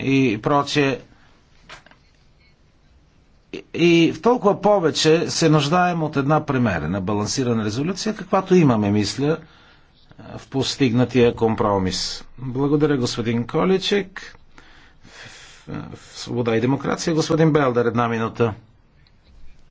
и прочее. И в толкова повече се нуждаем от една примерена балансирана резолюция, каквато имаме, мисля, в постигнатия компромис. Благодаря, господин Количек. В Свобода и демокрация, господин Белдер, една минута.